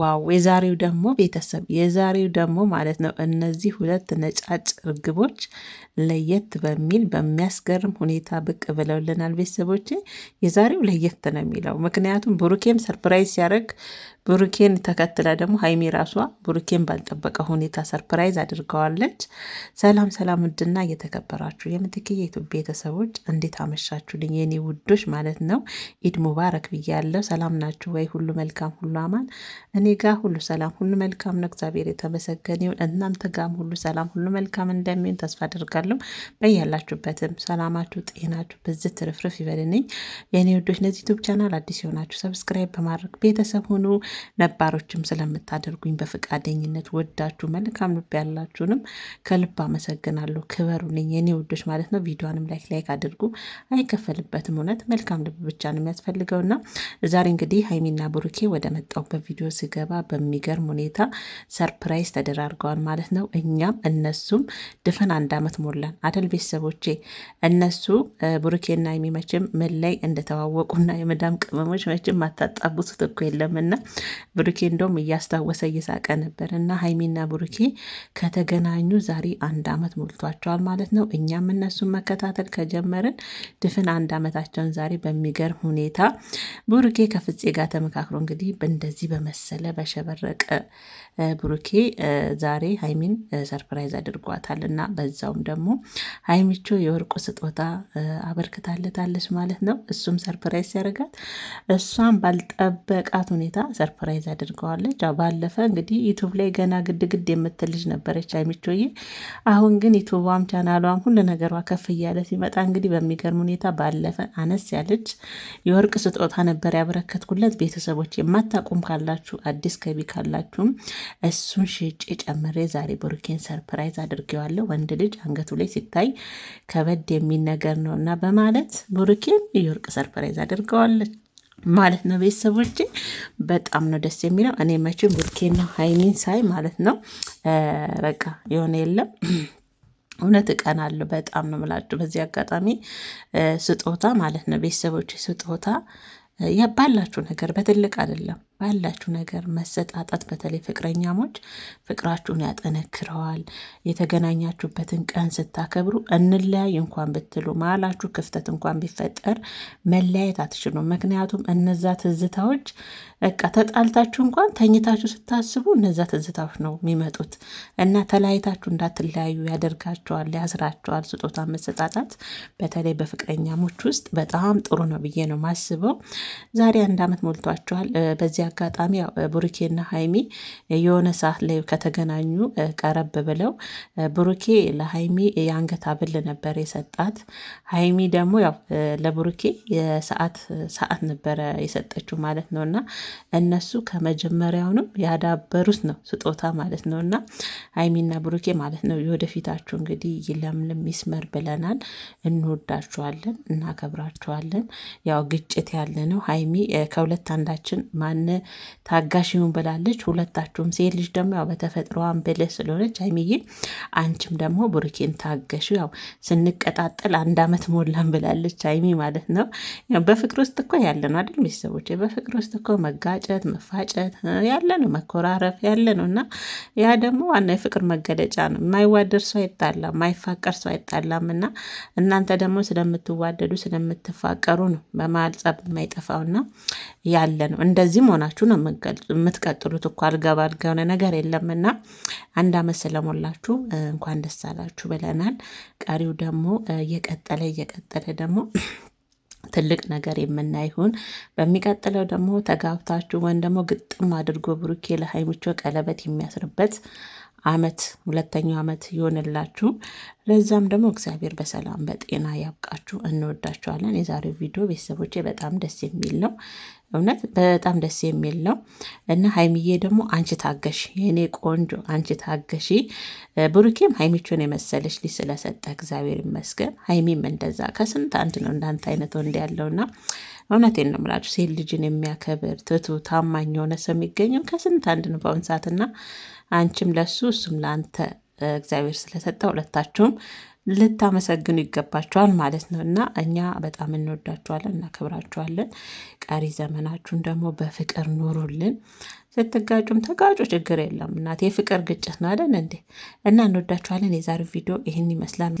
ዋው! የዛሬው ደግሞ ቤተሰብ የዛሬው ደግሞ ማለት ነው እነዚህ ሁለት ነጫጭ እርግቦች ለየት በሚል በሚያስገርም ሁኔታ ብቅ ብለውልናል። ቤተሰቦች የዛሬው ለየት ነው የሚለው ምክንያቱም ብሩኬም ሰርፕራይዝ ሲያደርግ ብሩኬን ተከትላ ደግሞ ሀይሚ ራሷ ብሩኬን ባልጠበቀ ሁኔታ ሰርፕራይዝ አድርገዋለች። ሰላም ሰላም፣ ውድና እየተከበራችሁ የምትክየቱ ቤተሰቦች እንዴት አመሻችሁልኝ? የኔ ውዶች ማለት ነው ኢድ ሙባረክ ብያለሁ። ሰላም ናችሁ ወይ? ሁሉ መልካም ሁሉ አማን እኔ ጋር ሁሉ ሰላም ሁሉ መልካም ነው፣ እግዚአብሔር የተመሰገነ ይሁን። እናንተ ጋም ሁሉ ሰላም ሁሉ መልካም እንደሚሆን ተስፋ አደርጋለሁ። በያላችሁበትም ሰላማችሁ፣ ጤናችሁ ብዝት ርፍርፍ ይበልንኝ የእኔ ወዶች ለዚህ ዩቱብ ቻናል አዲስ የሆናችሁ ሰብስክራይብ በማድረግ ቤተሰብ ሁኑ። ነባሮችም ስለምታደርጉኝ በፈቃደኝነት ወዳችሁ መልካም ልብ ያላችሁንም ከልብ አመሰግናለሁ። ክበሩልኝ የእኔ ወዶች ማለት ነው። ቪዲዮንም ላይክ ላይክ አድርጉ፣ አይከፈልበትም። እውነት መልካም ልብ ብቻ ነው የሚያስፈልገውና ዛሬ እንግዲህ ሀይሚና ብሩኬ ወደ መጣሁበት ቪዲዮ ስንገባ በሚገርም ሁኔታ ሰርፕራይዝ ተደራርገዋል ማለት ነው። እኛም እነሱም ድፍን አንድ አመት ሞላን አደል ቤተሰቦቼ። እነሱ ብሩኬና የሚመችም ምን ላይ እንደተዋወቁና የመዳም ቅመሞች መችም ማታጣቡት እኮ የለምና ብሩኬ እንደውም እያስታወሰ እየሳቀ ነበር። እና ሀይሚና ብሩኬ ከተገናኙ ዛሬ አንድ አመት ሞልቷቸዋል ማለት ነው። እኛም እነሱን መከታተል ከጀመርን ድፍን አንድ አመታቸውን ዛሬ በሚገርም ሁኔታ ብሩኬ ከፍፄ ጋር ተመካክሮ እንግዲህ እንደዚህ በመሰለ ባለ በሸበረቀ ብሩኬ ዛሬ ሀይሚን ሰርፕራይዝ አድርጓታል እና በዛውም ደግሞ ሀይሚቾ የወርቁ ስጦታ አበርክታለታለች ማለት ነው። እሱም ሰርፕራይዝ ሲያደርጋት እሷም ባልጠበቃት ሁኔታ ሰርፕራይዝ አድርገዋለች። ባለፈ እንግዲህ ዩቱብ ላይ ገና ግድግድ የምትል ልጅ ነበረች ሀይሚቾዬ። አሁን ግን ዩቱቧም ቻናሏም ሁሉ ነገሯ ከፍ እያለ ሲመጣ እንግዲህ በሚገርም ሁኔታ ባለፈ አነስ ያለች የወርቅ ስጦታ ነበር ያበረከትኩለት። ቤተሰቦች የማታቁም ካላችሁ አዲስ ገቢ ካላችሁም እሱን ሽጬ ጨምሬ ዛሬ ብሩኬን ሰርፕራይዝ አድርጌዋለሁ። ወንድ ልጅ አንገቱ ላይ ሲታይ ከበድ የሚል ነገር ነው እና በማለት ብሩኬን የወርቅ ሰርፕራይዝ አድርገዋለች ማለት ነው። ቤተሰቦቼ በጣም ነው ደስ የሚለው። እኔ መቼም ብሩኬና ሀይሚን ሳይ ማለት ነው በቃ የሆነ የለም እውነት እቀናለሁ። በጣም ነው የምላችሁ። በዚህ አጋጣሚ ስጦታ ማለት ነው ቤተሰቦች ስጦታ ያባላችሁ ነገር በትልቅ አይደለም ባላችሁ ነገር መሰጣጣት በተለይ ፍቅረኛሞች ፍቅራችሁን ያጠነክረዋል። የተገናኛችሁበትን ቀን ስታከብሩ እንለያይ እንኳን ብትሉ መሀላችሁ ክፍተት እንኳን ቢፈጠር መለያየት አትችሉ። ምክንያቱም እነዛ ትዝታዎች በቃ ተጣልታችሁ እንኳን ተኝታችሁ ስታስቡ እነዛ ትዝታዎች ነው የሚመጡት እና ተለያይታችሁ እንዳትለያዩ ያደርጋቸዋል፣ ያስራቸዋል። ስጦታ መሰጣጣት በተለይ በፍቅረኛሞች ውስጥ በጣም ጥሩ ነው ብዬ ነው ማስበው። ዛሬ አንድ ዓመት ሞልቷቸዋል በዚህ አጋጣሚ ብሩኬና ሀይሚ የሆነ ሰዓት ላይ ከተገናኙ ቀረብ ብለው ብሩኬ ለሀይሚ የአንገት ሀብል ነበር የሰጣት። ሀይሚ ደግሞ ያው ለብሩኬ የሰዓት ሰዓት ነበረ የሰጠችው ማለት ነው እና እነሱ ከመጀመሪያውንም ያዳበሩት ነው ስጦታ ማለት ነው እና ሀይሚና ብሩኬ ማለት ነው የወደፊታችሁ እንግዲህ ይለምልም ይስመር ብለናል። እንወዳችኋለን፣ እናከብራችኋለን። ያው ግጭት ያለ ነው ሀይሚ ከሁለት አንዳችን ማነ ታጋሽ ይሁን ብላለች። ሁለታችሁም ሴት ልጅ ደግሞ ያው በተፈጥሮዋን ብልህ ስለሆነች ሀይሚዬ፣ አንቺም ደግሞ ብሩኬን ታገሹ። ያው ስንቀጣጠል አንድ አመት ሞላን ብላለች ሀይሚ ማለት ነው። ያው በፍቅር ውስጥ እኮ ያለ ነው አይደል ቤተሰቦች? በፍቅር ውስጥ እኮ መጋጨት፣ መፋጨት ያለ ነው፣ መኮራረፍ ያለ ነው እና ያ ደግሞ ዋና የፍቅር መገለጫ ነው። የማይዋደድ ሰው አይጣላም፣ የማይፋቀር ሰው አይጣላም። እና እናንተ ደግሞ ስለምትዋደዱ ስለምትፋቀሩ ነው በመሀል ጸብ የማይጠፋውና ያለ ነው እንደዚህ ሆነ ሆናችሁ ነው የምትቀጥሉት እኮ አልጋ ባልጋ የሆነ ነገር የለምና አንድ አመት ስለሞላችሁ እንኳን ደስ አላችሁ ብለናል። ቀሪው ደግሞ እየቀጠለ እየቀጠለ ደግሞ ትልቅ ነገር የምናይሁን። በሚቀጥለው ደግሞ ተጋብታችሁ ወይም ደግሞ ግጥም አድርጎ ብሩኬ ለሀይሚቾ ቀለበት የሚያስርበት አመት ሁለተኛው አመት ይሆንላችሁ። ለዛም ደግሞ እግዚአብሔር በሰላም በጤና ያብቃችሁ። እንወዳችኋለን። የዛሬው ቪዲዮ ቤተሰቦቼ በጣም ደስ የሚል ነው። እውነት በጣም ደስ የሚል ነው እና ሀይሚዬ ደግሞ አንቺ ታገሺ፣ የኔ ቆንጆ አንቺ ታገሺ። ብሩኬም ሀይሚቾን የመሰለች ልጅ ስለሰጠ እግዚአብሔር ይመስገን። ሀይሚም እንደዛ ከስንት አንድ ነው እንዳንተ አይነት ወንድ ያለውና እውነቴን ነው የምላችሁ ሴት ልጅን የሚያከብር ትቱ ታማኝ የሆነ ሰው የሚገኘው ከስንት አንድ ነው በአሁን ሰዓትና አንቺም ለሱ እሱም ለአንተ እግዚአብሔር ስለሰጠ ሁለታችሁም ልታመሰግኑ ይገባችኋል ማለት ነው። እና እኛ በጣም እንወዳችኋለን፣ እናከብራችኋለን። ቀሪ ዘመናችሁን ደግሞ በፍቅር ኑሩልን። ስትጋጩም ተጋጩ፣ ችግር የለም። እናት የፍቅር ግጭት ነው አለን እንዴ? እና እንወዳችኋለን። የዛሬው ቪዲዮ ይህን ይመስላል።